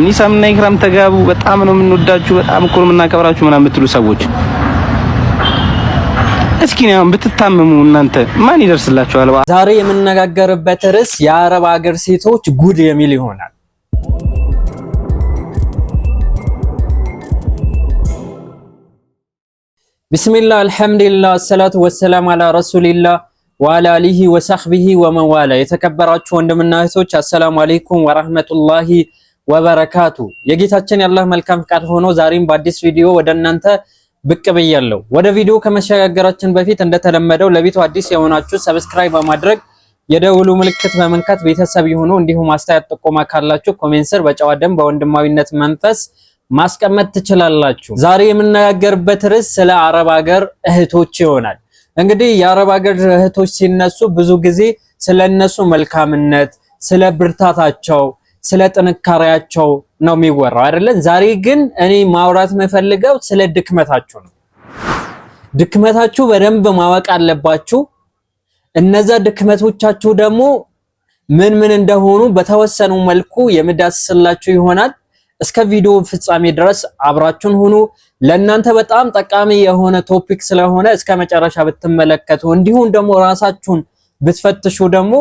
ኒሳም እና ኢክራም ተጋቡ፣ በጣም ነው የምንወዳችሁ፣ በጣም እኮ ነው የምናከብራችሁ ምናምን የምትሉ ሰዎች እስኪ ነው ብትታመሙ እናንተ ማን ይደርስላችኋል? ዛሬ የምነጋገርበት ርዕስ የአረብ ሀገር ሴቶች ጉድ የሚል ይሆናል። ቢስሚላህ አልሐምዱሊላህ ሰላቱ ወሰላም አላ ረሱሊላህ ወአላ አሊሂ ወሰህቢሂ ወመዋላ የተከበራችሁ ወንድምና እህቶች አሰላሙ አለይኩም ወራህመቱላሂ ወበረካቱ የጌታችን የአላህ መልካም ፍቃድ ሆኖ ዛሬም በአዲስ ቪዲዮ ወደ እናንተ ብቅ ብያለሁ። ወደ ቪዲዮ ከመሸጋገራችን በፊት እንደተለመደው ለቤቱ አዲስ የሆናችሁ ሰብስክራይብ በማድረግ የደውሉ ምልክት በመንካት ቤተሰብ የሆኑ እንዲሁም አስተያየት ጥቆማ ካላችሁ ኮሜንት ስር በጨዋ ደም በወንድማዊነት መንፈስ ማስቀመጥ ትችላላችሁ። ዛሬ የምነጋገርበት ርዕስ ስለ አረብ ሀገር እህቶች ይሆናል። እንግዲህ የአረብ ሀገር እህቶች ሲነሱ ብዙ ጊዜ ስለነሱ መልካምነት፣ ስለ ብርታታቸው ስለ ጥንካሬያቸው ነው የሚወራው አይደለም። ዛሬ ግን እኔ ማውራት የምፈልገው ስለ ድክመታችሁ ነው። ድክመታችሁ በደንብ ማወቅ አለባችሁ። እነዛ ድክመቶቻችሁ ደግሞ ምን ምን እንደሆኑ በተወሰኑ መልኩ የምዳስስላችሁ ይሆናል። እስከ ቪዲዮ ፍጻሜ ድረስ አብራችሁን ሁኑ። ለእናንተ በጣም ጠቃሚ የሆነ ቶፒክ ስለሆነ እስከ መጨረሻ ብትመለከቱ እንዲሁም ደግሞ ራሳችሁን ብትፈትሹ ደግሞ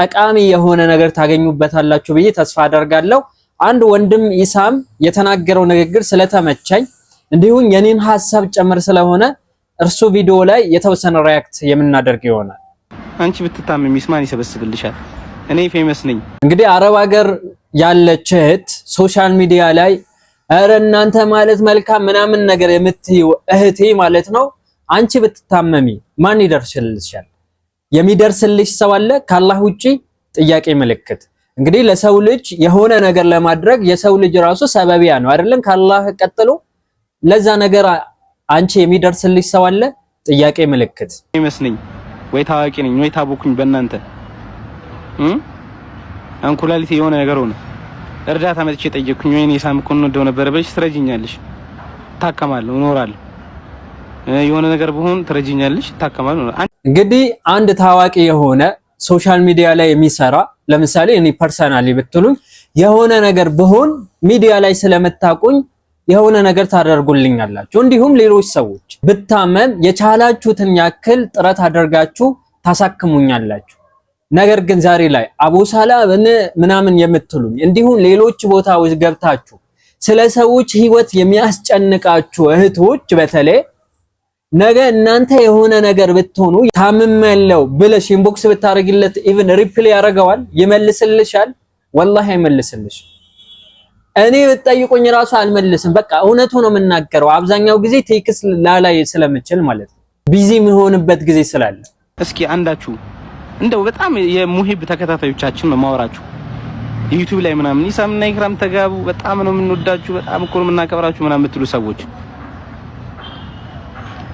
ጠቃሚ የሆነ ነገር ታገኙበታላችሁ ብዬ ተስፋ አደርጋለሁ። አንድ ወንድም ኢሳም የተናገረው ንግግር ስለተመቸኝ እንዲሁም የኔን ሀሳብ ጭምር ስለሆነ እርሱ ቪዲዮ ላይ የተወሰነ ሪያክት የምናደርግ ይሆናል። አንቺ ብትታመሚ ማን ይሰበስብልሻል? እኔ ፌመስ ነኝ። እንግዲህ አረብ ሀገር ያለች እህት ሶሻል ሚዲያ ላይ እረ እናንተ ማለት መልካም ምናምን ነገር የምትይው እህቴ ማለት ነው። አንቺ ብትታመሚ ማን ይደርስልሻል? የሚደርስልሽ ሰው አለ ካላህ ውጪ? ጥያቄ ምልክት። እንግዲህ ለሰው ልጅ የሆነ ነገር ለማድረግ የሰው ልጅ ራሱ ሰበቢያ ነው አይደለም? ካላህ ቀጥሎ ለዛ ነገር አንቺ የሚደርስልሽ ሰው አለ? ጥያቄ ምልክት። ይመስልኝ ወይ ታዋቂ ነኝ ወይ ታቦኩኝ በእናንተ አንኩላሊቲ የሆነ ነገር ሆነ እርዳታ መጥቼ ጠየቅኩኝ ወይ እኔ ሳምኩን እንደው ነበር ብለሽ ትረጅኛለሽ፣ ታከማለሁ፣ እኖራለሁ። የሆነ ነገር ብሆን ትረጅኛለሽ፣ ታከማለሁ። እንግዲህ አንድ ታዋቂ የሆነ ሶሻል ሚዲያ ላይ የሚሰራ ለምሳሌ እኔ ፐርሰናሊ ብትሉኝ የሆነ ነገር ብሆን ሚዲያ ላይ ስለምታቁኝ የሆነ ነገር ታደርጉልኛላችሁ። እንዲሁም ሌሎች ሰዎች ብታመም የቻላችሁትን ያክል ጥረት አደርጋችሁ ታሳክሙኛላችሁ። ነገር ግን ዛሬ ላይ አቡሳላ ምናምን የምትሉኝ እንዲሁም ሌሎች ቦታዎች ገብታችሁ ስለ ሰዎች ሕይወት የሚያስጨንቃችሁ እህቶች በተለይ ነገ እናንተ የሆነ ነገር ብትሆኑ ታምም ያለው ብለሽ ኢንቦክስ ብታደርጊለት ኢቭን ሪፕሊ ያደርገዋል፣ ይመልስልሻል? ወላሂ አይመልስልሽ። እኔ ብትጠይቁኝ ራሱ አልመልስም። በቃ እውነቱ ነው የምናገረው። አብዛኛው ጊዜ ቴክስ ላላይ ስለምችል ማለት ነው፣ ቢዚ የሚሆንበት ጊዜ ስላለ። እስኪ አንዳችሁ እንደው በጣም የሙሂብ ተከታታዮቻችን ነው ማወራችሁ ዩቲዩብ ላይ ምናምን ኢሳምና ኢክራም ተጋቡ፣ በጣም ነው የምንወዳችሁ፣ በጣም እኮ ነው የምናከብራችሁ ምናምን የምትሉ ሰዎች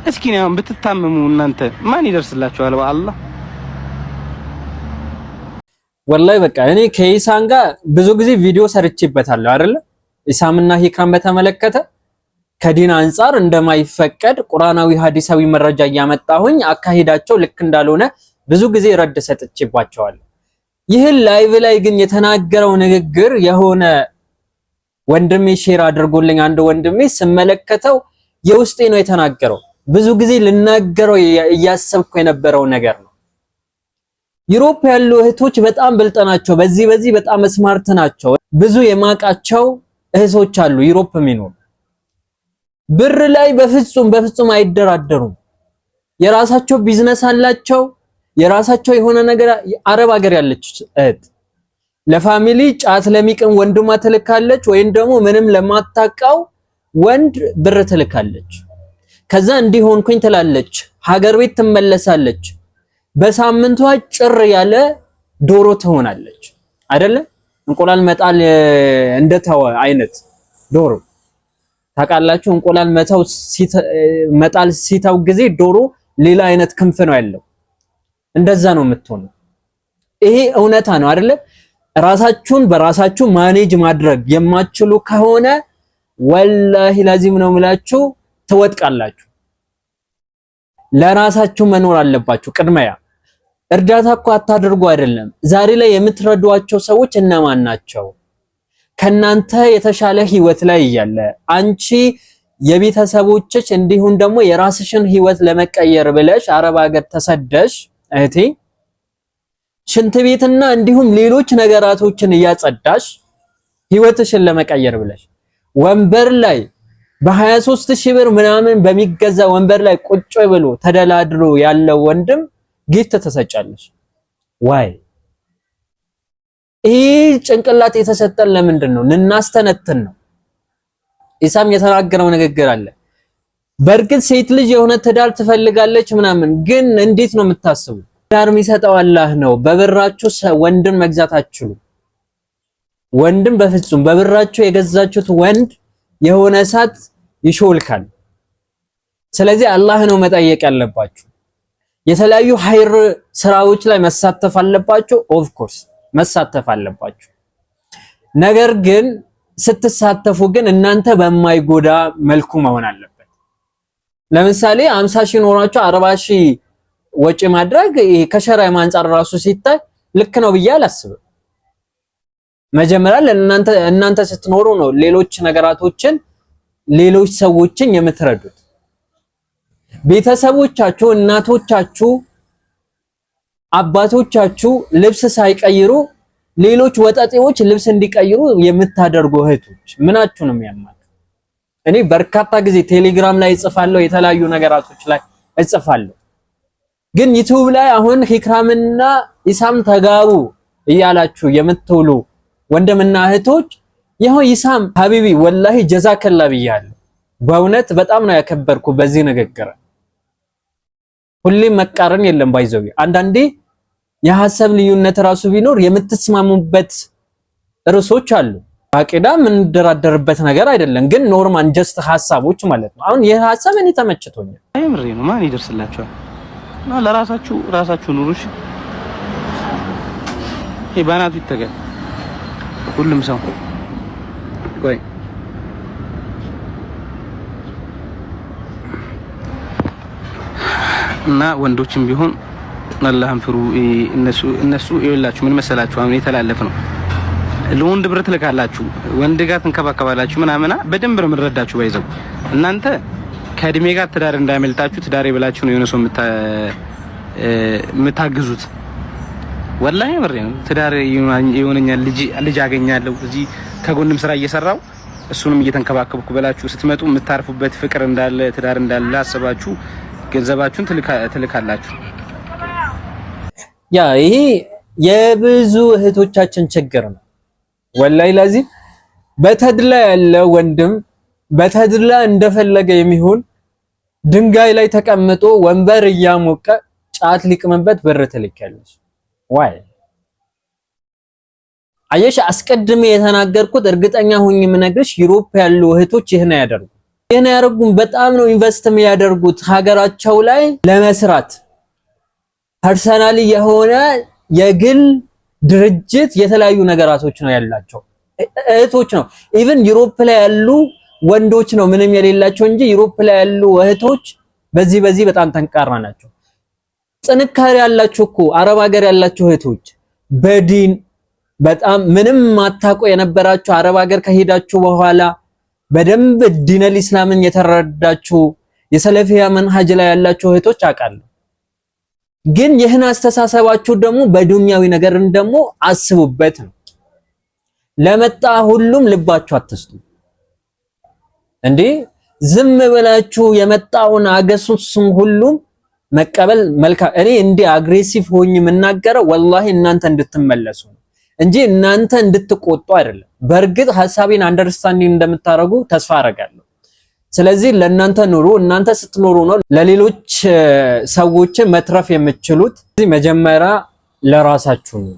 እስኪ ነው ብትታመሙ እናንተ ማን ይደርስላችኋል? በአላህ ወላሂ በቃ እኔ ከኢሳን ጋር ብዙ ጊዜ ቪዲዮ ሰርቼበታለሁ አይደለ? ኢሳምና ሂካም በተመለከተ ከዲን አንጻር እንደማይፈቀድ ቁርአናዊ ሀዲሳዊ መረጃ እያመጣሁኝ አካሄዳቸው ልክ እንዳልሆነ ብዙ ጊዜ ረድ ሰጥችባቸዋል። ይህን ላይቭ ላይ ግን የተናገረው ንግግር የሆነ ወንድሜ ሼር አድርጎልኝ አንድ ወንድሜ ስመለከተው የውስጤ ነው የተናገረው ብዙ ጊዜ ልናገረው እያሰብኩ የነበረው ነገር ነው። ዩሮፕ ያሉ እህቶች በጣም ብልጥ ናቸው። በዚህ በዚህ በጣም ስማርት ናቸው። ብዙ የማቃቸው እህቶች አሉ ዩሮፕ የሚኖሩ ብር ላይ በፍጹም በፍጹም አይደራደሩም። የራሳቸው ቢዝነስ አላቸው። የራሳቸው የሆነ ነገር አረብ ሀገር ያለች እህት ለፋሚሊ ጫት ለሚቅም ወንድማ ትልካለች፣ ወይም ደግሞ ምንም ለማታቃው ወንድ ብር ትልካለች። ከዛ እንዲሆንኩኝ ትላለች። ሀገር ቤት ትመለሳለች። በሳምንቷ ጭር ያለ ዶሮ ትሆናለች አይደለ? እንቁላል መጣል እንደተወ አይነት ዶሮ ታውቃላችሁ። እንቁላል መተው መጣል ሲተው ጊዜ ዶሮ ሌላ አይነት ክንፍ ነው ያለው። እንደዛ ነው የምትሆነው። ይሄ እውነታ ነው አይደለ? ራሳችሁን በራሳችሁ ማኔጅ ማድረግ የማትችሉ ከሆነ ወላሂ ላዚም ነው የምላችሁ ትወጥቃላችሁ። ለራሳችሁ መኖር አለባችሁ። ቅድሚያ እርዳታ እኮ አታደርጉ አይደለም። ዛሬ ላይ የምትረዷቸው ሰዎች እነማን ናቸው? ከናንተ የተሻለ ህይወት ላይ እያለ አንቺ የቤተሰቦችሽ እንዲሁም ደግሞ የራስሽን ህይወት ለመቀየር ብለሽ አረብ ሀገር ተሰደሽ እህቴ ሽንት ቤትና እንዲሁም ሌሎች ነገራቶችን እያጸዳሽ ህይወትሽን ለመቀየር ብለሽ ወንበር ላይ በ23 ሺህ ብር ምናምን በሚገዛ ወንበር ላይ ቁጭ ብሎ ተደላድሎ ያለው ወንድም ጊፍት ተሰጫለች። ዋይ ይህ ጭንቅላት የተሰጠን ለምንድን ነው? ልናስተነትን ነው። ኢሳም የተናገረው ንግግር አለ። በእርግጥ ሴት ልጅ የሆነ ትዳር ትፈልጋለች ምናምን፣ ግን እንዴት ነው የምታስቡ? ትዳር የሚሰጠው አላህ ነው። በብራችሁ ወንድን መግዛት አትችሉም። ወንድም በፍጹም በብራችሁ የገዛችሁት ወንድ የሆነ እሳት ይሾልካል። ስለዚህ አላህ ነው መጠየቅ ያለባችሁ። የተለያዩ ሀይር ስራዎች ላይ መሳተፍ አለባችሁ። ኦፍ ኮርስ መሳተፍ አለባችሁ። ነገር ግን ስትሳተፉ ግን እናንተ በማይጎዳ መልኩ መሆን አለበት። ለምሳሌ 50 ሺህ ኖሯችሁ 40 ሺህ ወጪ ማድረግ ከሸሪዓ ማንጻር ራሱ ሲታይ ልክ ነው ብዬ አላስብም። መጀመሪያ ለእናንተ እናንተ ስትኖሩ ነው ሌሎች ነገራቶችን ሌሎች ሰዎችን የምትረዱት። ቤተሰቦቻችሁ፣ እናቶቻችሁ፣ አባቶቻችሁ ልብስ ሳይቀይሩ ሌሎች ወጠጤዎች ልብስ እንዲቀይሩ የምታደርጉ እህቶች ምናችሁ ነው የሚያማል? እኔ በርካታ ጊዜ ቴሌግራም ላይ እጽፋለሁ፣ የተለያዩ ነገራቶች ላይ እጽፋለሁ። ግን ዩቲዩብ ላይ አሁን ሂክራምና ኢሳም ተጋቡ እያላችሁ የምትውሉ ወንድምና እህቶች ይኸው ይሳም ሀቢቢ ወላሂ ጀዛከላ ብያለሁ። በእውነት በጣም ነው ያከበርኩ በዚህ ንግግር። ሁሌም መቃረን የለም ባይዘው አንዳንዴ የሀሳብ ልዩነት ራሱ ቢኖር የምትስማሙበት ርዕሶች አሉ። አቂዳ የምንደራደርበት ነገር አይደለም፣ ግን ኖርማን ጀስት ሀሳቦች ማለት ነው። አሁን ይህ ሀሳብ እኔ ተመችቶኛል። አይምሬ ነው ማን ይደርስላቸዋል? እና ለራሳችሁ ራሳችሁ ኑሩሽ ባናቱ ይተጋል ሁሉም ሰው ቆይ እና ወንዶችም ቢሆን አላህን ፍሩ። እነሱ እነሱ ይላችሁ ምን መሰላችሁ? አሁን የተላለፍ ነው ለወንድ ብር ትልካላችሁ፣ ወንድ ጋር ትንከባከባላችሁ ምናምና በደንብ ነው የምንረዳችሁ። ባይዘው እናንተ ከእድሜ ጋር ትዳር እንዳያመልጣችሁ ትዳር ብላችሁ ነው የሆነ ሰው የምታግዙት። ወላሂ ብሬ ነው። ትዳር ይሆነኛል፣ ልጅ አገኛለሁ፣ እዚህ ከጎንም ስራ እየሰራው እሱንም እየተንከባከብኩ ብላችሁ ስትመጡ የምታርፉበት ፍቅር እንዳለ ትዳር እንዳለ አስባችሁ ገንዘባችሁን ትልካላችሁ። ያ ይሄ የብዙ እህቶቻችን ችግር ነው። ወላይ ለዚህ በተድላ ያለ ወንድም በተድላ እንደፈለገ የሚሆን ድንጋይ ላይ ተቀምጦ ወንበር እያሞቀ ጫት ሊቅምበት ብር ትልካለች። ዋይ አየሽ፣ አስቀድሜ የተናገርኩት እርግጠኛ ሁኝ የምነግርሽ ዩሮፕ ያሉ እህቶች ይህን ያደርጉ ይህን አያደርጉም። በጣም ነው ኢንቨስት የሚያደርጉት ሀገራቸው ላይ ለመስራት ፐርሰናሊ የሆነ የግል ድርጅት የተለያዩ ነገራቶች ነው ያላቸው እህቶች ነው። ኢቭን ዩሮፕ ላይ ያሉ ወንዶች ነው ምንም የሌላቸው እንጂ ዩሮፕ ላይ ያሉ እህቶች በዚህ በዚህ በጣም ጠንካራ ናቸው። ጥንካሬ ያላችሁ እኮ አረብ ሀገር ያላችሁ እህቶች በዲን በጣም ምንም ማታቆ የነበራችሁ አረብ ሀገር ከሄዳችሁ በኋላ በደንብ ዲነል ኢስላምን የተረዳችሁ የሰለፊያ መንሃጅ ላይ ያላችሁ እህቶች አውቃለሁ። ግን ይህን አስተሳሰባችሁ ደግሞ በዱንያዊ ነገርን ደግሞ አስቡበት ነው። ለመጣ ሁሉም ልባችሁ አትስጡ እንዴ! ዝም ብላችሁ የመጣውን አገሱስም ሁሉም መቀበል መልካም። እኔ እንዲህ አግሬሲቭ ሆኝ የምናገረው ወላሂ እናንተ እንድትመለሱ ነው እንጂ እናንተ እንድትቆጡ አይደለም። በእርግጥ ሀሳቤን አንደርስታንድ እንደምታደርጉ ተስፋ አደርጋለሁ። ስለዚህ ለእናንተ ኑሩ። እናንተ ስትኖሩ ነው ለሌሎች ሰዎች መትረፍ የምትችሉት። መጀመሪያ ለራሳችሁ ነው፣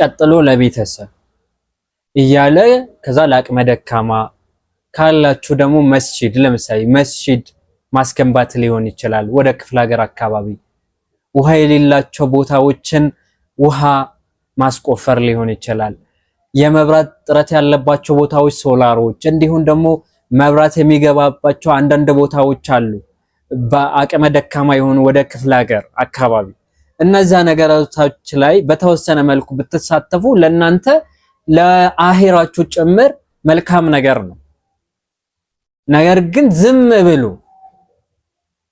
ቀጥሎ ለቤተሰብ እያለ ከዛ ለአቅመ ደካማ ካላችሁ ደግሞ መስጂድ ለምሳሌ መስጂድ ማስገንባት ሊሆን ይችላል። ወደ ክፍለ ሀገር አካባቢ ውሃ የሌላቸው ቦታዎችን ውሃ ማስቆፈር ሊሆን ይችላል። የመብራት ጥረት ያለባቸው ቦታዎች ሶላሮች፣ እንዲሁም ደግሞ መብራት የሚገባባቸው አንዳንድ ቦታዎች አሉ። በአቅመ ደካማ የሆኑ ወደ ክፍለ ሀገር አካባቢ እነዛ ነገሮች ላይ በተወሰነ መልኩ ብትሳተፉ ለእናንተ ለአሄራችሁ ጭምር መልካም ነገር ነው። ነገር ግን ዝም ብሉ።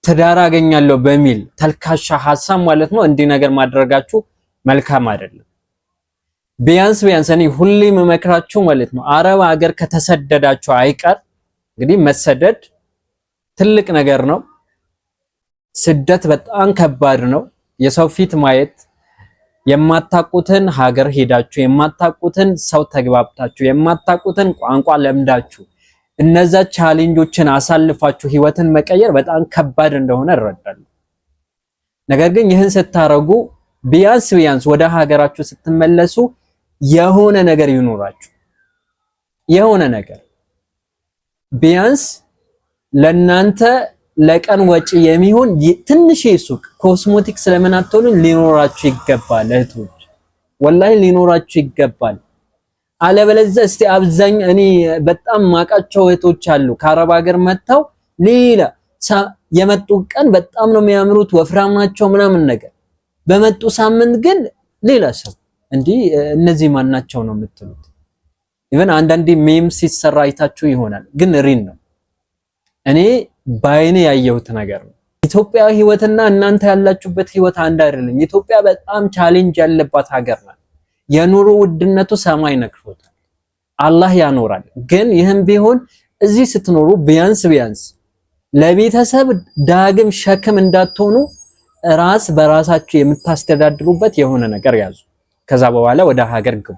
ትዳር አገኛለሁ በሚል ተልካሻ ሀሳብ ማለት ነው እንዲህ ነገር ማድረጋችሁ መልካም አይደለም። ቢያንስ ቢያንስ እኔ ሁሌ መመክራችሁ ማለት ነው አረብ ሀገር ከተሰደዳችሁ አይቀር እንግዲህ መሰደድ ትልቅ ነገር ነው። ስደት በጣም ከባድ ነው። የሰው ፊት ማየት የማታቁትን ሀገር ሄዳችሁ የማታቁትን ሰው ተግባብታችሁ የማታቁትን ቋንቋ ለምዳችሁ እነዛ ቻሌንጆችን አሳልፋችሁ ህይወትን መቀየር በጣም ከባድ እንደሆነ እረዳለሁ። ነገር ግን ይህን ስታረጉ ቢያንስ ቢያንስ ወደ ሀገራችሁ ስትመለሱ የሆነ ነገር ይኖራችሁ የሆነ ነገር ቢያንስ ለናንተ ለቀን ወጪ የሚሆን ትንሽ ሱቅ ኮስሞቲክስ ለምን አትሆኑም? ሊኖራችሁ ይገባል እህቶች፣ ወላሂ ሊኖራችሁ ይገባል። አለበለዚያ እስቲ አብዛኝ እኔ በጣም ማቃቸው እህቶች አሉ ከአረብ ሀገር መጥተው ሌላ የመጡ ቀን በጣም ነው የሚያምሩት ወፍራም ናቸው ምናምን ነገር በመጡ ሳምንት ግን ሌላ ሰው እንዲህ እነዚህ ማናቸው ነው የምትሉት። ኢቨን አንዳንዴ ሜም ሲሰራ አይታችሁ ይሆናል፣ ግን ሪን ነው እኔ በአይኔ ያየሁት ነገር ነው። ኢትዮጵያ ህይወትና እናንተ ያላችሁበት ህይወት አንድ አይደለም። ኢትዮጵያ በጣም ቻሌንጅ ያለባት ሀገር ናት። የኑሮ ውድነቱ ሰማይ ነክቶታል። አላህ ያኖራል። ግን ይህም ቢሆን እዚህ ስትኖሩ ቢያንስ ቢያንስ ለቤተሰብ ዳግም ሸክም እንዳትሆኑ ራስ በራሳችሁ የምታስተዳድሩበት የሆነ ነገር ያዙ። ከዛ በኋላ ወደ ሀገር ግቡ።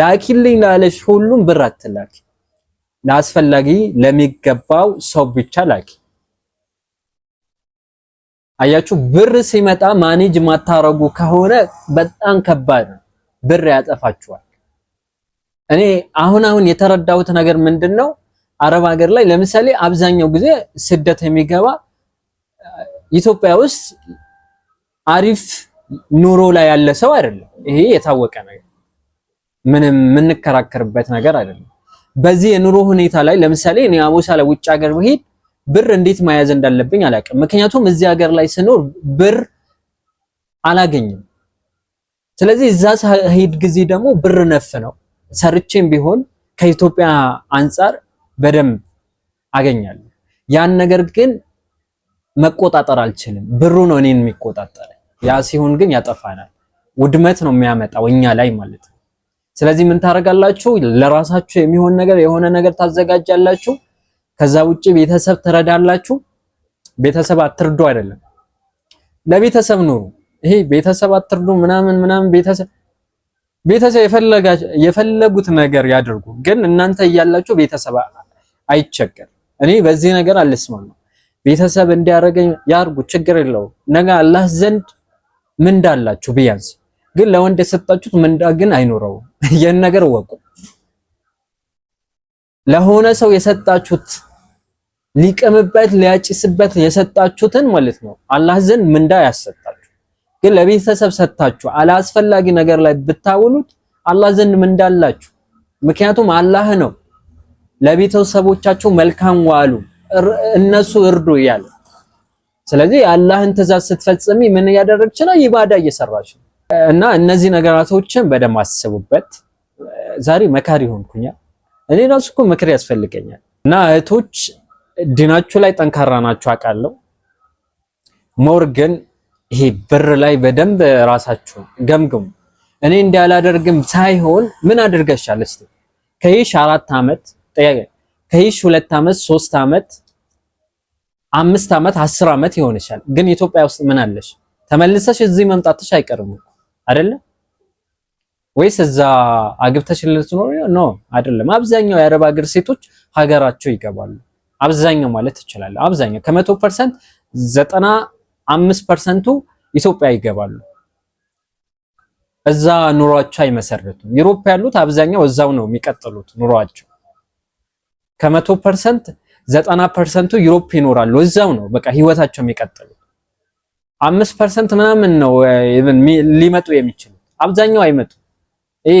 ላኪልኝ ላለሽ ሁሉም ብር አትላኪ፣ ለአስፈላጊ ለሚገባው ሰው ብቻ ላኪ። አያችሁ ብር ሲመጣ ማኔጅ ማታረጉ ከሆነ በጣም ከባድ ነው። ብር ያጠፋችኋል። እኔ አሁን አሁን የተረዳሁት ነገር ምንድን ነው፣ አረብ ሀገር ላይ ለምሳሌ አብዛኛው ጊዜ ስደት የሚገባ ኢትዮጵያ ውስጥ አሪፍ ኑሮ ላይ ያለ ሰው አይደለም። ይሄ የታወቀ ነገር፣ ምንም የምንከራከርበት ነገር አይደለም። በዚህ የኑሮ ሁኔታ ላይ ለምሳሌ እኔ አቦሳ ውጭ ሀገር ብሄድ ብር እንዴት መያዝ እንዳለብኝ አላውቅም። ምክንያቱም እዚህ ሀገር ላይ ስኖር ብር አላገኝም። ስለዚህ እዛ ሳሄድ ጊዜ ደግሞ ብር ነፍ ነው። ሰርቼም ቢሆን ከኢትዮጵያ አንጻር በደንብ አገኛለሁ። ያን ነገር ግን መቆጣጠር አልችልም። ብሩ ነው እኔን የሚቆጣጠር። ያ ሲሆን ግን ያጠፋናል፣ ውድመት ነው የሚያመጣው እኛ ላይ ማለት ነው። ስለዚህ ምን ታደርጋላችሁ? ለራሳችሁ የሚሆን ነገር የሆነ ነገር ታዘጋጃላችሁ። ከዛ ውጪ ቤተሰብ ትረዳላችሁ። ቤተሰብ አትርዱ አይደለም፣ ለቤተሰብ ኑሩ። ይሄ ቤተሰብ አትርዱ ምናምን ምናምን ቤተሰብ ቤተሰብ የፈለጉት ነገር ያደርጉ፣ ግን እናንተ እያላችሁ ቤተሰብ አይቸገር። እኔ በዚህ ነገር አልስማም ቤተሰብ እንዲያደርገኝ ያርጉ፣ ችግር የለው። ነገ አላህ ዘንድ ምንዳ አላችሁ ቢያንስ። ግን ለወንድ የሰጣችሁት ምንዳ ግን አይኖረውም። ይህን ነገር ወቁ። ለሆነ ሰው የሰጣችሁት ሊቀምበት ሊያጭስበት የሰጣችሁትን ማለት ነው አላህ ዘንድ ምንዳ ያሰጣችሁ። ግን ለቤተሰብ ሰጣችሁ አላስፈላጊ ነገር ላይ ብታውሉት አላህ ዘንድ ምንዳ አላችሁ። ምክንያቱም አላህ ነው ለቤተሰቦቻችሁ መልካም ዋሉ እነሱ እርዱ እያለ። ስለዚህ የአላህን ትእዛዝ ስትፈጽሚ ምን እያደረግች ነው? ኢባዳ እየሰራች ነው። እና እነዚህ ነገራቶችን በደንብ አስቡበት። ዛሬ መካሪ ሆንኩኛ እኔ ራሱ እኮ ምክር ያስፈልገኛል እና እህቶች ድናችሁ ላይ ጠንካራ ናችሁ አውቃለሁ። ሞር ግን ይሄ ብር ላይ በደንብ ራሳችሁ ገምግሙ። እኔ እንዳላደርግም ሳይሆን ምን አድርገሻል? እስቲ ከይሽ አራት አመት ጠያቄ ከይሽ ሁለት አመት ሶስት ዓመት አምስት ዓመት አስር ዓመት ይሆንሻል። ግን ኢትዮጵያ ውስጥ ምን አለሽ? ተመልሰሽ እዚህ መምጣትሽ አይቀርም አይደለ? ወይስ እዛ አግብተሽ ልትኖሪ ነው? አይደለም። አብዛኛው የአረብ ሀገር ሴቶች ሀገራቸው ይገባሉ። አብዛኛው ማለት ይችላል። አብዛኛው ከመቶ ፐርሰንት ዘጠና አምስት ፐርሰንቱ ኢትዮጵያ ይገባሉ። እዛ ኑሯቸው አይመሰርቱም። ዩሮፕ ያሉት አብዛኛው እዛው ነው የሚቀጥሉት ኑሯቸው። ከመቶ ፐርሰንት ዘጠና ፐርሰንቱ ዩሮፕ ይኖራሉ። እዛው ነው በቃ ህይወታቸው የሚቀጥሉት። አምስት ፐርሰንት ምናምን ነው ሊመጡ የሚችሉት። አብዛኛው አይመጡም። ይህ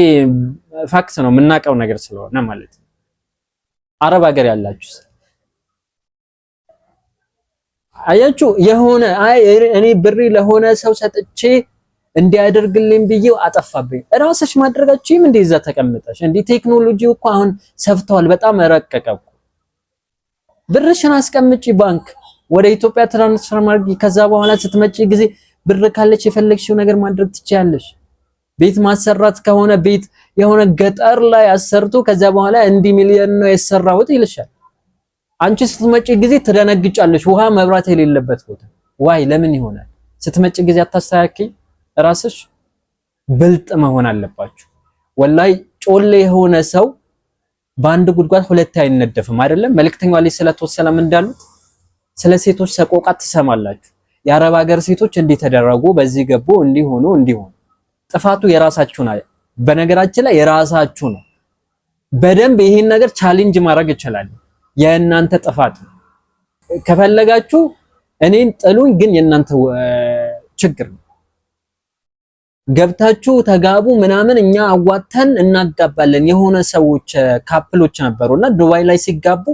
ፋክስ ነው የምናውቀው ነገር ስለሆነ ማለት ነው። አረብ ሀገር ያላችሁ አያችሁ የሆነ አይ እኔ ብሪ ለሆነ ሰው ሰጥቼ እንዲያደርግልኝ ብዬው አጠፋብኝ። ራስሽ ማድረጋችሁም እንደ እዛ ተቀምጠሽ እንደ ቴክኖሎጂው እኮ አሁን ሰፍቷል፣ በጣም ረቀቀ እኮ። ብርሽን አስቀምጪ ባንክ፣ ወደ ኢትዮጵያ ትራንስፈር ማድረግ፣ ከዛ በኋላ ስትመጪ ጊዜ ብር ካለች የፈለግሽው ነገር ማድረግ ትችያለሽ። ቤት ማሰራት ከሆነ ቤት የሆነ ገጠር ላይ አሰርቶ ከዛ በኋላ እንዲህ ሚሊዮን ነው የሰራሁት ይልሻል። አንቺ ስትመጪ ጊዜ ትደነግጫለሽ። ውሃ መብራት የሌለበት ቦታ ዋይ ለምን ይሆናል? ስትመጪ ጊዜ አታስተካኪ። ራስሽ ብልጥ መሆን አለባችሁ። ወላይ ጮሌ የሆነ ሰው በአንድ ጉድጓድ ሁለት አይነደፍም። አይደለም መልእክተኛው አለይሂ ሰላቱ ወሰላም እንዳሉት ስለ ሴቶች ሰቆቃ ትሰማላችሁ። የአረብ ሀገር ሴቶች እንዲተደረጉ በዚህ ገቡ እንዲሆኑ እንዲሆኑ ጥፋቱ የራሳችሁ ነው። በነገራችን ላይ የራሳችሁ ነው። በደንብ ይህን ነገር ቻሌንጅ ማድረግ ይችላል። የእናንተ ጥፋት ነው። ከፈለጋችሁ እኔን ጥሉኝ፣ ግን የእናንተ ችግር ነው። ገብታችሁ ተጋቡ ምናምን እኛ አዋተን እናጋባለን። የሆነ ሰዎች ካፕሎች ነበሩና ዱባይ ላይ ሲጋቡ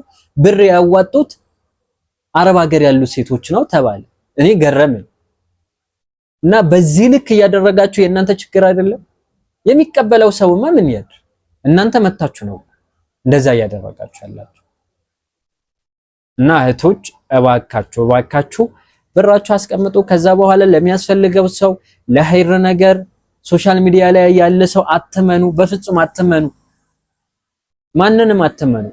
ብር ያዋጡት አረብ ሀገር ያሉ ሴቶች ነው ተባለ። እኔ ገረመኝ። እና በዚህ ልክ እያደረጋችሁ የእናንተ ችግር አይደለም። የሚቀበለው ሰውማ ምን ያድር? እናንተ መታችሁ ነው እንደዛ እያደረጋችሁ ያላችሁ። እና እህቶች እባካችሁ እባካችሁ ብራችሁ አስቀምጡ። ከዛ በኋላ ለሚያስፈልገው ሰው ለሀይር ነገር ሶሻል ሚዲያ ላይ ያለ ሰው አትመኑ፣ በፍጹም አትመኑ፣ ማንንም አትመኑ።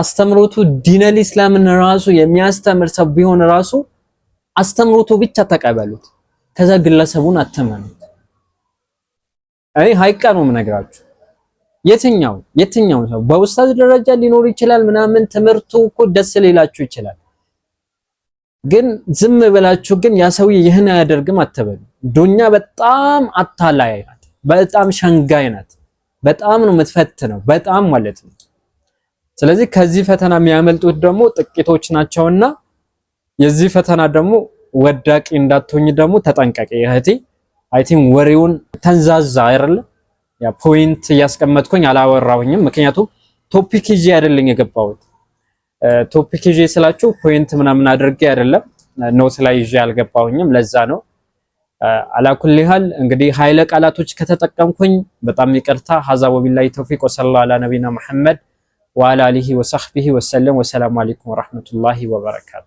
አስተምሮቱ ዲነል ኢስላምን ራሱ የሚያስተምር ሰው ቢሆን ራሱ አስተምሮቱ ብቻ ተቀበሉት። ከዛ ግለሰቡን አትመኑት። አይ ሀይቃ ነው የትኛው የትኛው ሰው በውስታዝ ደረጃ ሊኖር ይችላል ምናምን ትምህርቱ እኮ ደስ ሊላችሁ ይችላል። ግን ዝም ብላችሁ ግን ያ ሰውዬ ይህን አያደርግም አትበሉ። ዱንያ በጣም አታላይ ናት፣ በጣም ሸንጋይ ናት። በጣም ነው የምትፈትነው፣ በጣም ማለት ነው። ስለዚህ ከዚህ ፈተና የሚያመልጡት ደግሞ ጥቂቶች ናቸውና የዚህ ፈተና ደግሞ ወዳቂ እንዳትሆኝ ደግሞ ተጠንቀቂ እህቴ። አይ ቲንክ ወሬውን ተንዛዛ አይደለ ፖይንት እያስቀመጥኩኝ አላወራሁኝም። ምክንያቱም ቶፒክ ይዤ አይደለኝ የገባሁት። ቶፒክ ይዤ ስላችሁ ፖይንት ምናምን አድርጌ አይደለም፣ ኖት ላይ ይዤ አልገባሁኝም። ለዛ ነው። አላኩልሃል እንግዲህ ኃይለ ቃላቶች ከተጠቀምኩኝ በጣም ይቅርታ። ሀዛ ወቢላሂ ተውፊቅ ወሰለላሁ ዐላ ነቢና መሐመድ ወዐላ አሊሂ ወሰህቢሂ ወሰለም። ወሰላሙ አለይኩም ወራህመቱላሂ ወበረካቱ።